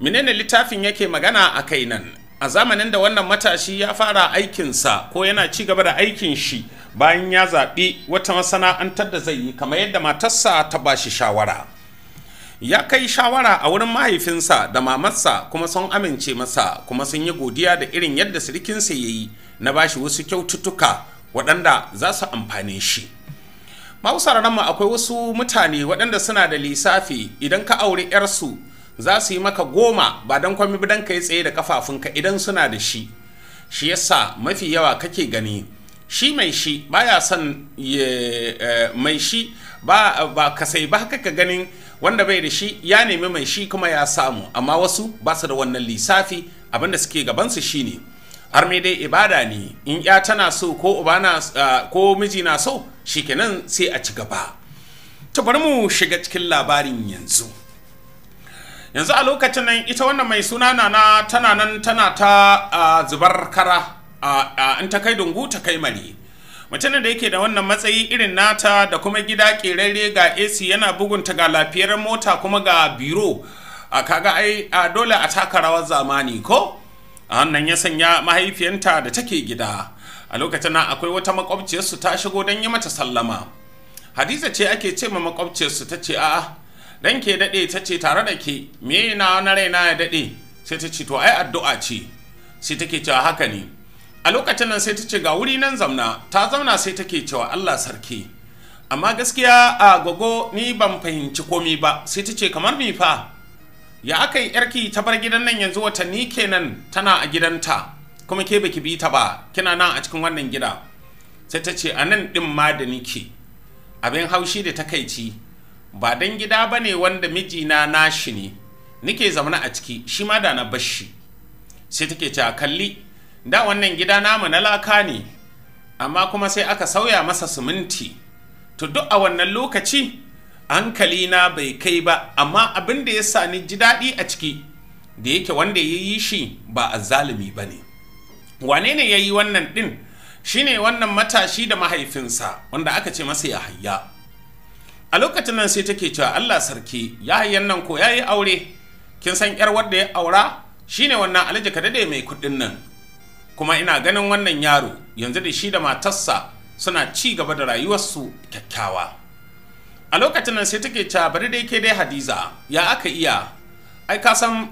menene littafin yake magana a kai nan a zamanin da wannan matashi ya fara aikinsa ko yana ci gaba da aikin shi bayan ya zaɓi wata masana'antar da zai yi kamar yadda matarsa ta ba shi shawara ya kai shawara a wurin mahaifinsa da mamarsa kuma sun amince masa kuma sun yi godiya da irin yadda sirikinsa ya yi na ba shi wasu kyaututtuka waɗanda za su amfane shi mausararmu akwai wasu mutane waɗanda suna da lissafi idan ka auri 'yarsu za su yi maka goma ba don kwami bidan don ka yi tsaye da kafafunka idan suna da shi shi yasa mafi yawa kake gani shi mai shi ba ya son eh, mai shi ba, ka sai ba haka ka ganin wanda bai da shi ya nemi mai shi kuma ya samu amma wasu ba su da wannan lissafi Abin da suke gabansu shine har mai dai ibada ne in ya tana so ko uba ah, miji na so shikenan sai a ci gaba ta bari mu shiga cikin labarin yanzu yanzu a lokacin nan ita wannan mai suna nana tana nan tana ta zubar kara in ta kai dungu ta kai mali mutumin da yake da wannan matsayi irin nata da kuma gida kerere ga ac yana bugunta ga lafiyar mota kuma ga biro a kaga ai a dole a taka rawar zamani ko a hannun ya sanya mahaifiyanta da take gida a lokacin nan akwai wata makwabciyarsu ta shigo don yi mata sallama hadiza ce ake ce ma makwabciyarsu ta ce a'a dan ke daɗe ta ce tare da ke me na na raina ya daɗe sai ta ce to ai addu'a ce sai take cewa haka ne a lokacin nan sai ta ce ga wuri nan zamna ta zauna sai take cewa Allah sarki amma gaskiya a gogo ni ban fahimci komi ba sai ta ce kamar mi fa ya aka yi yarki ta bar gidan nan yanzu watanni kenan tana a gidanta kuma ke baki bi ta ba kina nan a cikin wannan gida sai ta ce a nan din ma da nike abin haushi da takaici ba dan gida ba ne wanda mijina nashi ne nike zaune a ciki shi ma da na bashi sai take cewa kalli da wannan gida namu na laka ne amma kuma sai aka sauya masa siminti to duk a wannan lokaci hankali na bai kai ba amma abin da ya sa ni ji daɗi a ciki da yake wanda ya yi shi ba a zalimi ba ne wane ne ya yi wannan ɗin shine wannan matashi da mahaifinsa wanda aka ce masa ya hayya a lokacin nan sai take cewa Allah sarki hayyan nan ko ya yi aure kin san yar wanda ya aura shine wannan alhaji kadade mai kuɗin nan kuma ina ganin wannan yaro yanzu da shi da matarsa suna ci gaba da rayuwarsu kyakkyawa a lokacin nan sai take cewa bari dai ke dai hadiza ya aka iya ai ka san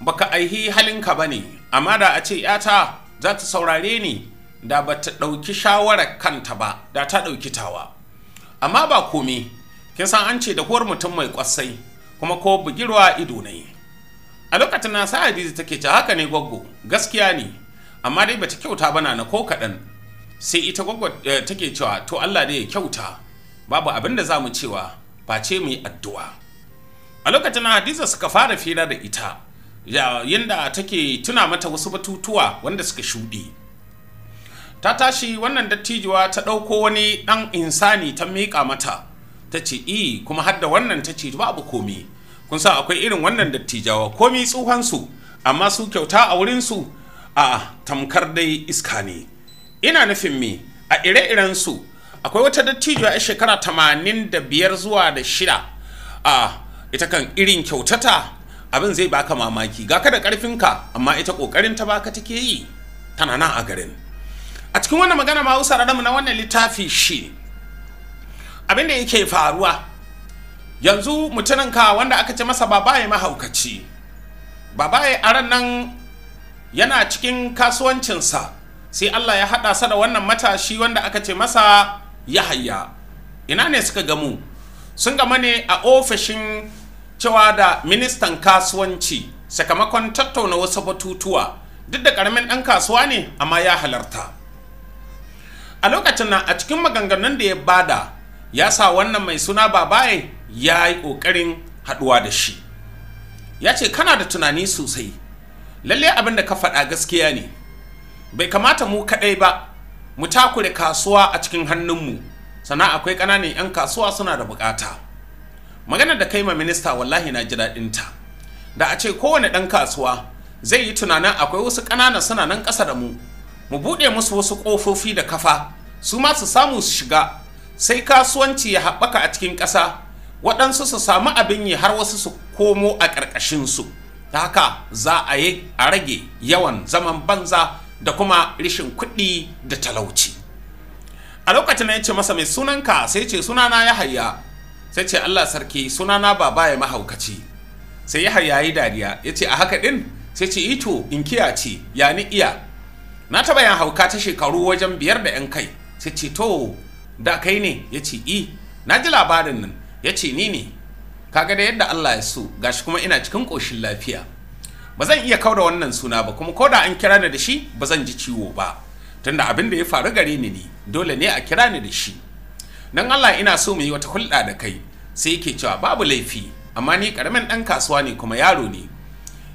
baka aihi halinka bane amma da a ce yata za ta saurare ni da ba ta ɗauki shawarar kanta ba da ta ɗauki tawa amma ba komai. kin san an ce da huwar mutum mai kwasai kuma ko bugirwa ido ne a lokacin na sa hadiza take ta haka ne gwaggo gaskiya ne amma dai bata kyauta bana na ko kaɗan sai ita gwaggo eh, take cewa to Allah ne ya kyauta babu abin da za mu cewa face mu yi addu'a a lokacin na hadiza suka fara fira da ita ya yinda take tuna mata wasu batutuwa wanda suka shuɗe ta tashi wannan dattijuwa ta ɗauko wani ɗan insani ta miƙa mata ta ce i e, kuma hadda wannan ta ce babu komi kun sa akwai irin wannan dattijawa komi tsuhansu amma su kyauta a wurinsu a tamkar dai iska ne ina nufin me a ire-iren su akwai wata dattijuwa a shekara tamanin da biyar zuwa da shida a ita kan irin kyautata abin zai baka mamaki ga kada da karfinka amma ita kokarin ta baka take yi tana nan a garin a cikin wannan magana ma hausa na wannan littafi shi abin da yake faruwa yanzu mutumin ka wanda aka ce masa babaye mahaukaci babaye a nan yana cikin kasuwancinsa sai Allah ya haɗa sa da wannan matashi wanda aka ce masa yahaya ina ne suka gamu sun gama ne a ofishin cewa da ministan kasuwanci sakamakon tattauna wasu batutuwa duk da karamin ɗan kasuwa ne amma ya halarta a lokacin nan a cikin maganganun da ya bada ya sa wannan mai suna babaye ya yi ƙoƙarin haɗuwa da shi ya ce kana da tunani sosai lalle abin da ka faɗa gaskiya ne bai kamata mu kaɗai ba mu takure kasuwa a cikin hannunmu sana akwai ƙananan 'yan kasuwa suna da buƙata Magana da kai ma minista wallahi na ji daɗinta da a ce kowane ɗan kasuwa zai yi tunanin akwai wasu ƙanana suna nan ƙasa da mu mu buɗe musu wasu ƙofofi da kafa su ma su samu su shiga sai kasuwanci ya haɓaka a cikin ƙasa waɗansu su samu abin yi har wasu su komo a ƙarƙashinsu ta haka za a yi a rage yawan zaman banza da kuma rishin kuɗi da talauci a lokacin na ce masa mai sunanka sai ce sunana ya haya. sai ce allah sarki sunana baba ya mahaukaci sai ya hayya yi dariya ya ce a haka ɗin sai ce ito in kiyace ya ni iya na taɓa yin hauka ta shekaru wajen biyar da 'yan kai sai ce to da kai ne ya ce i e, na ji labarin nan ya ce ni ne kaga da yadda Allah ya so gashi kuma ina cikin koshin lafiya ba zan iya kauda wannan suna ba kuma ko da an kira ni da shi ba zan ji ciwo ba tunda abin da ya faru gare ni ne dole ne a kira ni da shi dan Allah ina so mu yi wata hulɗa da kai sai yake cewa babu laifi amma ni karamin ɗan kasuwa ne kuma yaro ne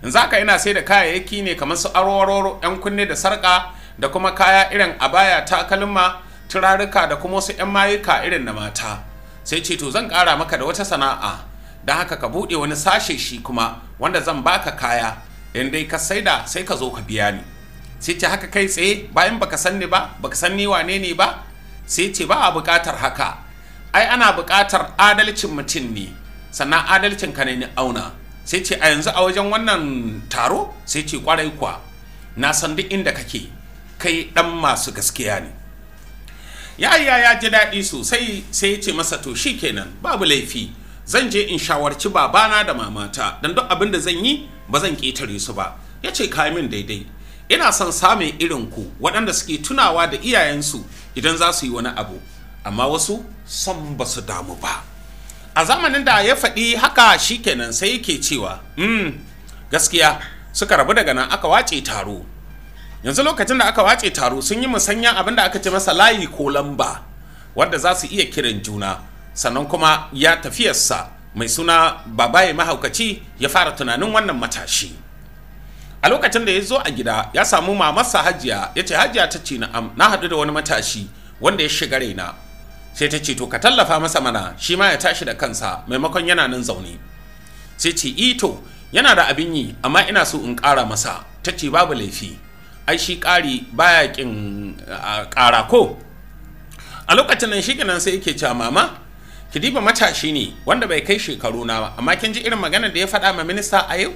in ka ina sai da kayayyaki ne kamar su arowaroro yan kunne da sarƙa da kuma kaya irin abaya takalma turaruka da kuma wasu 'yan mayuka irin na mata sai ce to zan kara maka da wata sana'a don haka ka buɗe wani sashe shi kuma wanda zan baka kaya in dai ka saida sai ka zo ka biya ni sai ce haka kai tsaye bayan baka san ni ba baka san ni wane ne ba sai ce ba a buƙatar haka ai ana buƙatar adalcin mutum ne sannan adalcin ka ne ni auna sai ce a yanzu a wajen wannan taro sai ce kwarai kuwa na san duk inda kake kai dan masu gaskiya ne yariya ya ji daɗi sosai sai ya ce masa to shi kenan babu laifi zan je in shawarci babana da mamata don duk abin da zan yi ba zan ƙetare su ba ya ce ka min daidai ina son samun irin ku waɗanda suke tunawa da iyayensu idan za su yi wani abu amma wasu son ba su damu ba a zamanin da ya faɗi haka shi kenan sai yake cewa hmm, gaskiya suka rabu daga nan aka wace taro yanzu lokacin da aka wace taro sun yi musanya abin da aka ce masa layi ko lamba wanda za su iya kiran juna sannan kuma ya tafiyarsa mai suna babaye mahaukaci ya fara tunanin wannan matashi a lokacin da ya zo a gida ya samu mamarsa hajiya ya ce hajiya ta ce na haɗu da wani matashi wanda ya shiga raina sai ta ce to ka tallafa masa mana shi ma ya tashi da kansa maimakon yana nan zaune sai ce ito eh yana da abin yi amma ina so in ƙara masa ta ce babu laifi ai shi kari baya kin kara ko a lokacin nan shikenan sai yake cewa mama kidiba matashi ne wanda bai kai shekaru na ba amma kin ji irin magana da ya faɗa ma minista a yau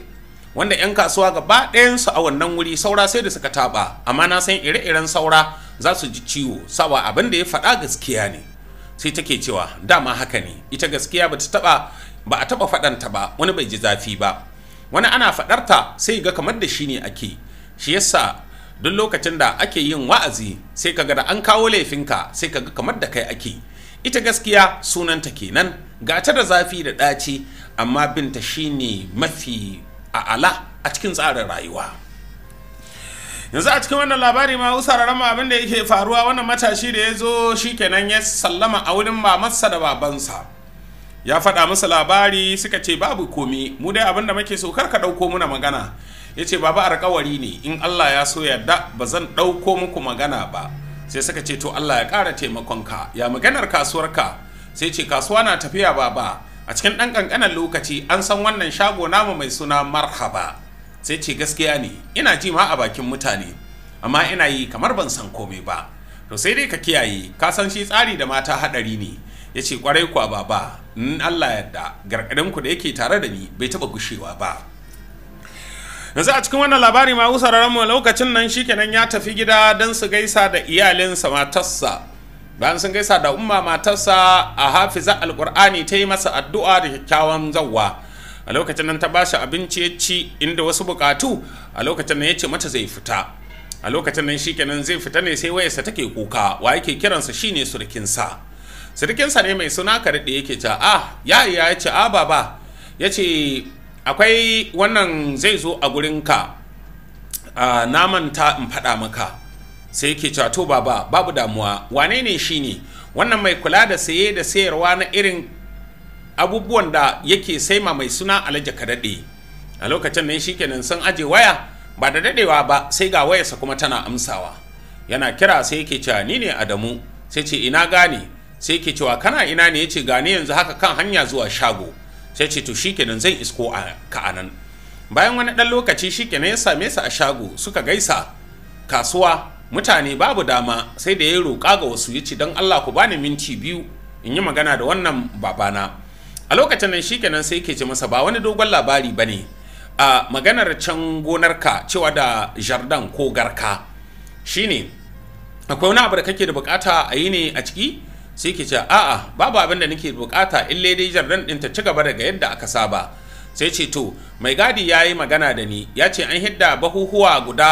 wanda 'yan kasuwa gaba ɗayansu a wannan wuri saura sai da suka taɓa amma na san ire-iren saura za su ji ciwo sawa abin da ya faɗa gaskiya ne sai take cewa dama haka ne ita gaskiya ba ta taɓa ba a taɓa faɗanta ba wani bai ji zafi ba wani ana faɗarta sai ga kamar da shi ne ake shi yasa duk lokacin da ake yin wa'azi sai kaga da an kawo laifinka sai kaga kamar da kai ake ita gaskiya sunanta kenan ta da zafi da ɗaci amma binta ne mafi a ala a cikin tsarin rayuwa yanzu a cikin wannan labari ma usa rarama abin da yake faruwa wannan matashi da ya zo shi kenan ya sallama a wurin mamarsa da babansa ya faɗa masa labari suka ce babu komi mu dai abin da muke so kar ka ɗauko muna magana ya ce baba alkawari ne in allah ya so yarda ba zan ɗauko muku magana ba sai suka ce to allah ya ƙara ka ya maganar kasuwar ka sai ce kasuwa na tafiya baba a cikin ɗan ƙanƙanan lokaci an san wannan shago namu mai suna marhaba sai ce gaskiya ne ina ji ma a bakin mutane amma ina yi kamar ban san komai ba to sai dai ka kiyaye ka san shi tsari da mata haɗari ne ya ce kwarai kuwa baba in allah yadda gargaɗinku da yake tare da ni bai taɓa gushewa ba yanzu a cikin wannan labari ma usararren mu lokacin nan shikenan ya tafi gida don su gaisa da iyalinsa matarsa bayan sun gaisa da umma matarsa a hafiza alkur'ani ta yi masa addu'a da kyakkyawan zawwa a lokacin nan ta ba shi abinci ya ci inda wasu bukatu a lokacin nan ya ce mata zai fita a lokacin nan shikenan zai fita ne sai wayarsa take kuka wa yake kiransa ne surkinsa surkinsa ne mai suna karɗe yake ta, ah ya ya ce a ah, baba ya ce akwai wannan zai zo a gurinka na manta in faɗa maka sai yake cewa to baba babu damuwa wane ne shi ne wannan mai kula da saye da sayarwa na irin abubuwan da yake sai ma mai suna alhaji ka daɗe a lokacin ne shi kenan sun aje waya ba da daɗewa ba sai ga wayarsa kuma tana amsawa yana kira sai yake cewa ni ne adamu sai ce ina gane sai yake cewa kana ina ne yace gane yanzu haka kan hanya zuwa shago sai ce to shikenan zan isko a ka'anan bayan wani ɗan lokaci shikenan ya same su a shago suka gaisa kasuwa mutane babu dama sai da ya roƙa ga wasu ya ce don Allah ku bani minti biyu in yi magana da wannan babana a lokacin nan shikenan sai ke ce masa ba wani dogon labari bane a maganar can gonarka cewa da jardan ko garka shine akwai wani abu da kake da bukata a yi ne a ciki sai ke ce a'a babu abin da nake bukata in dai jardan din ta ci gaba daga yadda aka saba sai ce to mai gadi ya yi magana da ni ya ce an hidda bahuhuwa guda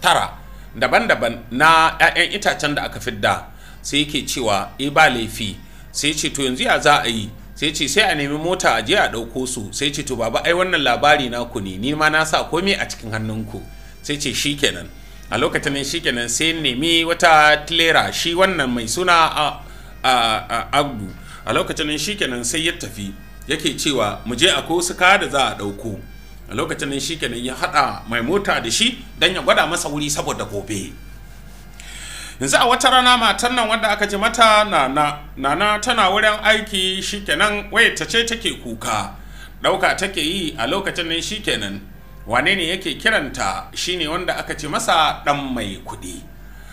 tara daban-daban na 'ya'yan itacen da aka fidda sai ke cewa e ba laifi sai ce to yanzu ya za a yi sai ce sai a nemi mota a je a ɗauko su sai ce to baba ai wannan labari na ku ne ni ma na sa komai a cikin hannunku sai ce shikenan a lokacin shikenan sai nemi wata tilera shi wannan mai suna a abdu a lokacin nan shikenan sai ya tafi yake cewa mu je akwai wasu kaya da za a ɗauko a lokacin nan shikenan ya haɗa mai mota da shi don ya gwada masa wuri saboda gobe yanzu a wata rana matan nan wanda aka ji mata nana nana tana wurin aiki shikenan waye ta ce take kuka ɗauka take yi a lokacin nan shikenan wane ne yake kiranta shine wanda aka ce masa ɗan mai kuɗi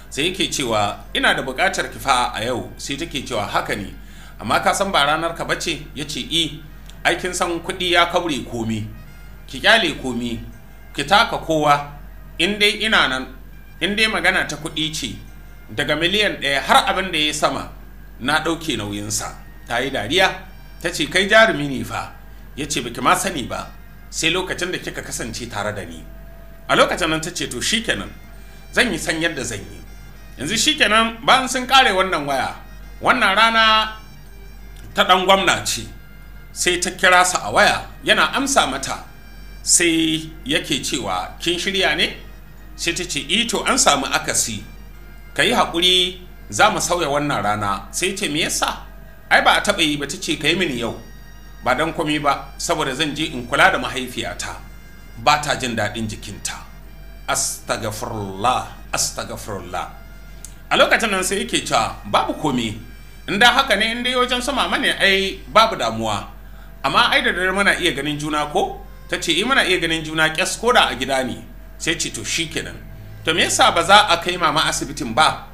sai yake cewa ina da buƙatar kifa a yau sai take cewa haka ne amma ka san ba ranar ka bace ya ce i eh, aikin san kuɗi ya kaure komi ki kyale komi ki taka kowa in dai ina nan in dai magana ta kuɗi ce daga miliyan ɗaya har abin da ya sama na ɗauke nauyinsa ta yi dariya ta ce kai jarumi ne fa ya ce baki ma sani ba sai lokacin da kika kasance tare da ni a lokacin nan ta ce to shikenan zan yi san yadda zan yi yanzu shikenan bayan sun kare wannan waya wannan rana ta dan gwamna ce sai ta kira sa a waya yana amsa mata sai yake cewa kin shirya ne sai ta ce ito eh an samu akasi ka yi haƙuri za mu sauya wannan rana sai ce me yasa ai ba a taɓa yi ba ta ce ka yi mini yau ba dan komai ba saboda zan je in kula da mahaifiyata ba ta jin daɗin jikinta astagfirullah astagfirullah a lokacin nan sai yake cewa babu komi inda haka ne inda wajen sama mane ai babu damuwa amma ai da dare muna iya ganin juna ko ta ce i eh, muna iya ganin juna kyas ko da a gida ne sai ce to shikenan to me yasa ba za a kai mama asibitin ba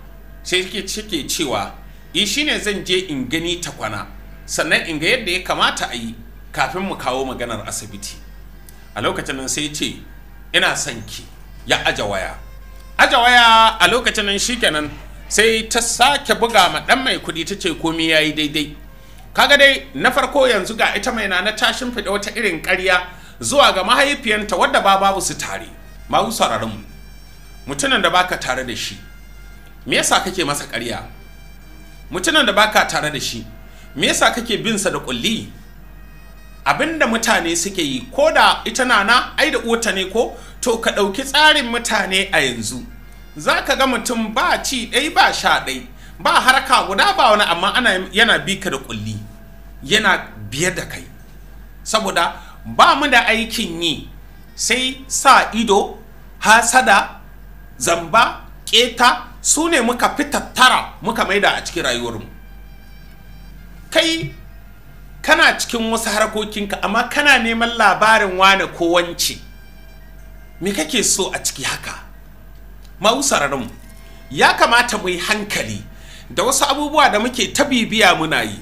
sai yake cike cewa i eh, shine zan je in gani ta kwana sannan in ga yadda ya kamata a yi kafin mu kawo maganar asibiti a lokacin nan sai ce ina son ki ya aja waya aja waya a lokacin nan shikenan sai ta sake buga ma dan mai kudi ta ce komi ya yi daidai kaga dai na farko yanzu ga ita mai na ta shimfiɗa wata irin ƙarya zuwa ga mahaifiyanta wadda ba babu su tare mahu sararin mutunan da baka tare da shi me yasa kake masa ƙarya mutunan da baka tare da shi me yasa kake bin sa da kulli abinda mutane suke yi ko da ita nana ai da uwata ne ko to ka ɗauki tsarin mutane a yanzu za ka ga mutum ba ci ɗai ba sha ɗai ba harka guda ba wani amma ana yana bi ka da kulli yana biyar da kai saboda ba mu da aikin yi sai sa ido hasada zamba keta su ne muka fi tattara muka maida a cikin rayuwarmu kai kana cikin wasu harkokinka amma kana neman labarin wane ko wance me kake so a ciki haka mu ya kamata mu yi hankali da wasu abubuwa da muke ta bibiya muna yi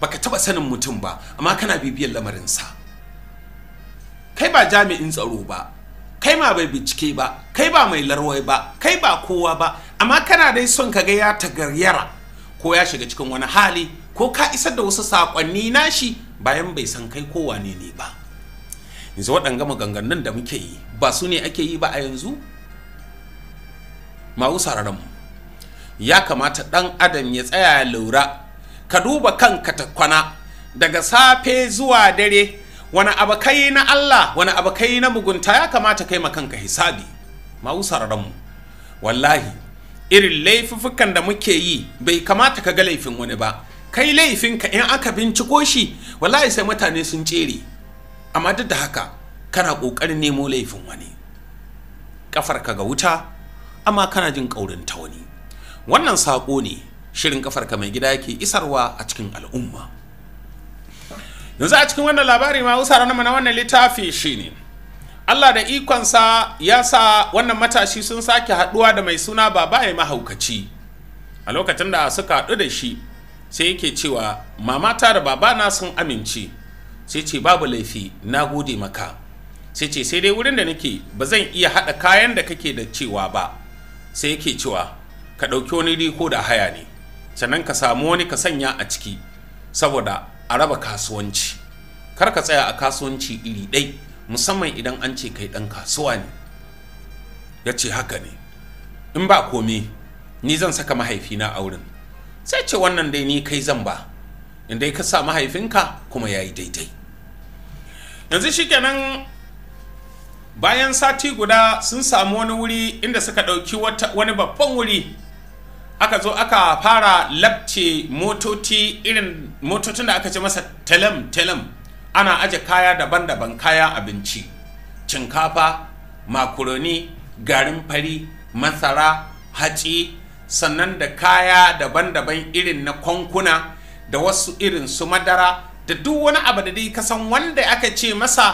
baka taba sanin mutum ba amma kana bibiyar lamarinsa kai ba jami'in tsaro ba kai ma bai bincike ba kai ba mai larwai ba kai ba kowa ba amma kana dai son ka ga ya tagaryara ko ya shiga cikin wani hali ko ka isar da wasu saƙonni nashi bayan bai san kai kowa ne ne ba yanzu waɗanga maganganun da muke yi ba su ne ake yi ba a yanzu mawu sararin ya kamata ɗan adam ya tsaya ya lura ka duba kanka ta kwana daga safe zuwa dare wani abakai na Allah wani abakai na mugunta ya kamata kai kanka hisabi mawu sararin wallahi irin laifuffukan da muke yi bai kamata ka ga laifin wani ba kai laifinka in aka binciko shi wallahi sai mutane sun tsere amma duk da haka kana ƙoƙarin nemo laifin wani ƙafarka ga wuta amma kana jin ƙaurin ta wani wannan saƙo ne shirin ƙafarka mai gida yake isarwa a cikin al'umma yanzu a cikin wannan labari ma usara na wannan littafi shine Allah da ikonsa ya sa wannan matashi sun sake haɗuwa da mai suna baba ya mahaukaci a lokacin da suka haɗu da shi sai yake cewa mamata da babana sun amince sai ce babu laifi na gode maka sai ce sai dai wurin da nake ba zan iya haɗa kayan da kake da cewa ba sai yake cewa ka ɗauki wani riko da haya ne sannan ka samu wani ka sanya a ciki saboda a raba kasuwanci kar ka tsaya a kasuwanci iri ɗai musamman idan an ce kai ɗan kasuwa ne ya ce haka ne in ba komai ni zan saka mahaifina a wurin sai ce wannan dai ni kai zan ba inda ka sa mahaifinka kuma ya yi daidai yanzu shikenan bayan sati guda sun samu wani wuri inda suka ɗauki wani babban wuri aka zo aka fara labce motoci irin motocin da aka ce masa talam telem ana aje kaya daban-daban kayan abinci cinkafa makaroni garin fari masara hatsi sannan da kaya daban-daban irin na kwankuna da wasu irin su madara da duk wani abu da dai kasan wanda aka ce masa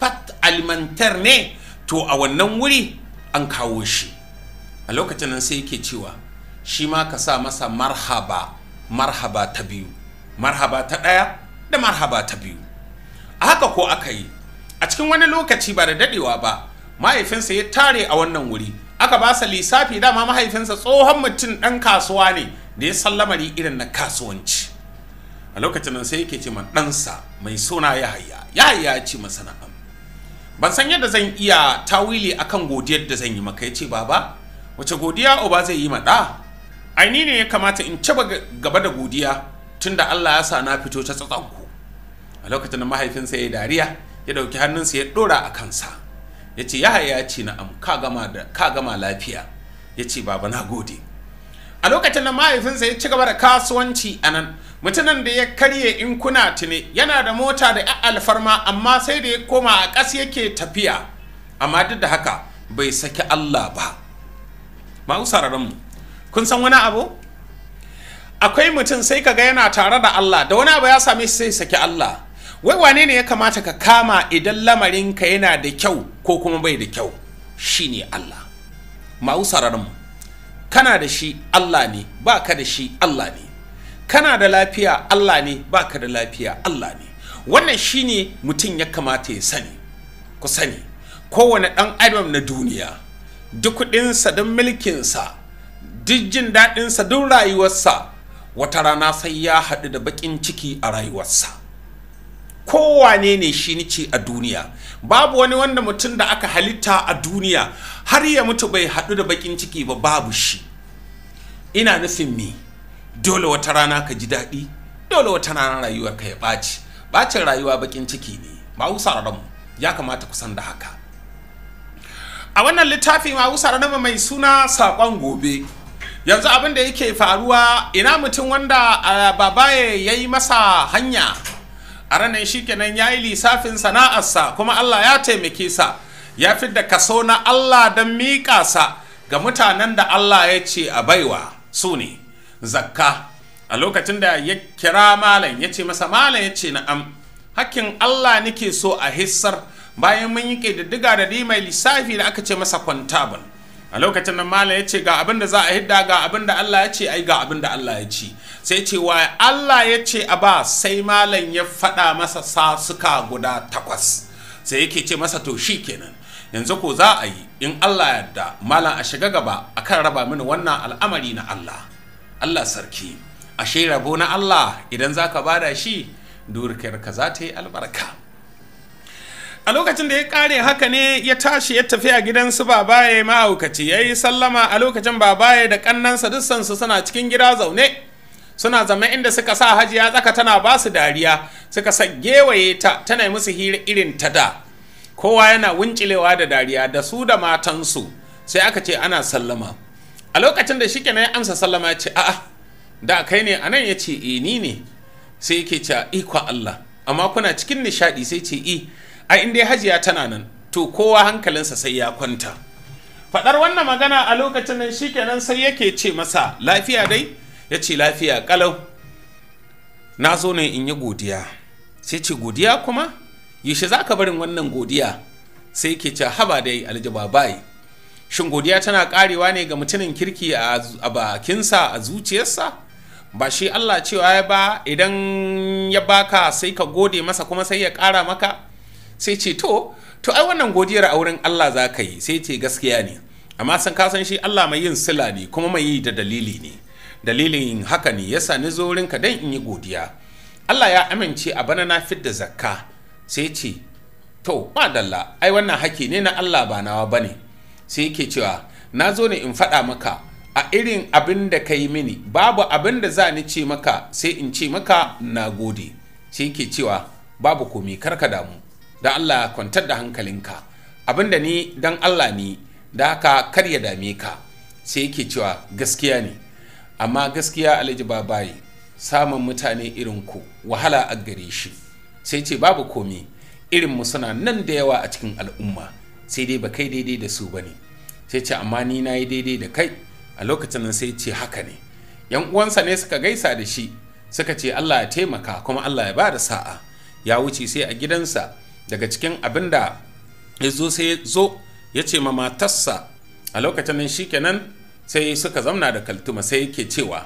fat alimantar ne to a wannan wuri an kawo shi a lokacin nan sai yake cewa shi ma ka sa masa marhaba marhaba ta biyu marhaba ta ɗaya da marhaba ta biyu a haka ko aka yi a cikin wani lokaci ba da dadewa ba mahaifinsa ya tare a wannan wuri aka ba sa lissafi dama mahaifinsa tsohon mutum ɗan kasuwa ne da ya sallamari irin na kasuwanci a lokacin nan sai yake ce man ɗansa mai suna yahaya yahaya ya ce masa ban san yadda zan iya tawili akan godiyar da zan yi maka ya ce baba wace godiya uba zai yi ma ai aini ne ya kamata in ci gaba da godiya tunda Allah ya sa na fito ta tsatsanku a lokacin da mahaifinsa ya dariya ya ɗauki hannunsa ya ɗora a kansa ya ce yahaya ya ce na'am ka gama lafiya Yace ce baba na gode a lokacin da mahaifinsa ya ci gaba da kasuwanci a nan mutumin da ya karye in kuna tuni yana da mota da alfarma amma sai da ya koma a ƙasa yake tafiya amma duk da haka bai saki Allah ba ma mu kun san wani abu akwai mutum sai ka ga yana tare da Allah da wani abu ya same shi sai saki Allah wai wane ne ya kamata ka kama idan lamarin ka yana da kyau ko kuma bai da kyau shine Allah ma mu kana da shi Allah ne ba ka da shi Allah ne kana da lafiya Allah ne ba ka da lafiya Allah ne wannan shi ne mutum ya kamata ya sani ku sani kowane ɗan adam na duniya duk kuɗinsa don mulkinsa duk jin daɗinsa don rayuwarsa wata rana sai ya haɗu da baƙin ciki a rayuwarsa kowane ne shi nice a duniya babu wani wanda mutum da aka halitta a duniya har ya mutu bai haɗu da bakin ciki ba babu shi ina nufin me dole wata rana ka ji daɗi dole wata rana rayuwar ka ya ɓaci ɓacin rayuwa bakin ciki ne ba mu ya kamata ku san da haka a wannan littafi ma wusa mai suna saƙon gobe yanzu abin da yake faruwa ina mutum wanda ah, babaye ya yi masa hanya a ranar shi kenan ya yi lissafin sana'arsa kuma Allah ya taimake sa ya fi da kaso na Allah don miƙa sa ga mutanen da Allah ya ce a baiwa su ne zakka a lokacin da ya kira malam ya ce masa malam ya ce na'am hakkin Allah nake so a hissar bayan mun yi ƙididdiga da di mai lissafi da aka ce masa kwantabul a lokacin nan malam ya ce ga abin da za a hidda ga abin da Allah ya ce ai ga abin da Allah ya ce sai ce wa Allah ya ce a ba sai malam ya faɗa masa sa suka guda takwas sai yake ce masa to shi kenan yanzu ko za a yi in Allah yadda malam a shiga gaba a kan raba mini wannan al'amari na Allah Allah sarki ashe rabo na Allah idan za ka bada shi ka za ta yi albarka a lokacin da ya kare haka ne ya tashi ya tafi a gidansu babaye ma'aukaci ya yi sallama a lokacin babaye da kannansa dussansu suna cikin gida zaune suna zama inda suka sa hajiya tsaka tana ba su dariya suka sa gewaye ta tana musu hira irin ta da kowa yana wuncilewa da dariya da su da matansu sai aka ce ana sallama a lokacin da shi kenan ya amsa sallama ce a'a da kai ne anan ya ce e ni ne sai yake ce eh, kwa Allah amma kuna cikin nishadi sai ce i eh, a inda hajiya tana nan to kowa hankalinsa sai ya kwanta faɗar wannan magana a lokacin nan shikenan sai yake ce masa lafiya dai ya ce lafiya kalau na zo ne in yi godiya sai ce godiya kuma yaushe za ka barin wannan godiya sai ke ce haba dai aljaba bai shin godiya tana karewa ne ga mutumin kirki a bakinsa a zuciyarsa ba shi Allah cewa ya ba idan ya baka sai ka gode masa kuma sai ya kara maka sai ce to to ai wannan godiyar a wurin Allah za ka yi sai ce gaskiya ne amma san ka shi Allah mai yin sila ne kuma mai yi da dalili ne dalilin haka ne yasa ni zorin ka dan in yi godiya Allah ya amince a bana na da zakka sai ce to dalla ai wannan haki ne na Allah ba nawa ba ne sai yake cewa na zo ne in faɗa maka a irin abin da ka yi mini babu abin da za ni ce maka sai in ce maka na gode sai yake cewa babu komi karka damu da Allah kwantar da hankalinka abin da ni dan Allah ne da haka kar ya dame ka sai yake cewa gaskiya ne amma gaskiya alhaji bayi samun mutane irin ku wahala a gare shi sai ce babu komi irin mu suna nan da yawa a cikin al'umma sai dai ba kai daidai da su ba ne sai ce amma ni na yi daidai da kai a lokacin nan sai ce haka ne yan uwansa ne suka gaisa da shi suka ce Allah ya taimaka kuma Allah ya ba da sa'a ya wuce sai a gidansa daga cikin abin da ya zo sai ya zo ya ce ma matarsa a lokacin nan shikenan sai suka zamna da kaltuma sai yake cewa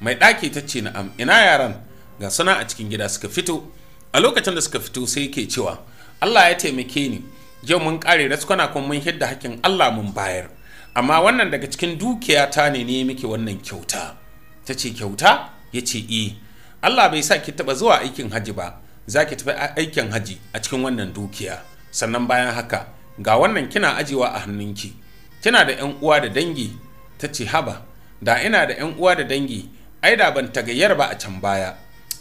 mai ɗaki ta ce na'am ina yaran ga suna a cikin gida suka fito a lokacin da suka fito sai yake cewa Allah ya taimake ni yau mun kare raskwana kuma mun hidda hakkin Allah mun bayar amma wannan daga cikin dukiya ta ne ne miki wannan kyauta ta ce kyauta ya ce i eh. Allah bai sa ki taɓa zuwa aikin haji ba za ki tafi aikin haji a cikin wannan dukiya sannan bayan haka ga wannan kina ajiwa a hannunki kina da 'yan uwa da dangi ta ce haba da ina da yan uwa da dangi ai da ban tagayyar ba a can baya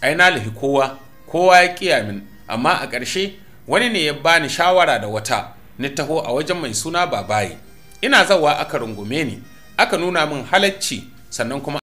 ai na lahi kowa kowa ya kiya min amma a ƙarshe wani ne ya bani shawara da wata ni taho a wajen mai suna babaye ina zawa aka rungume ni aka nuna min halacci sannan kuma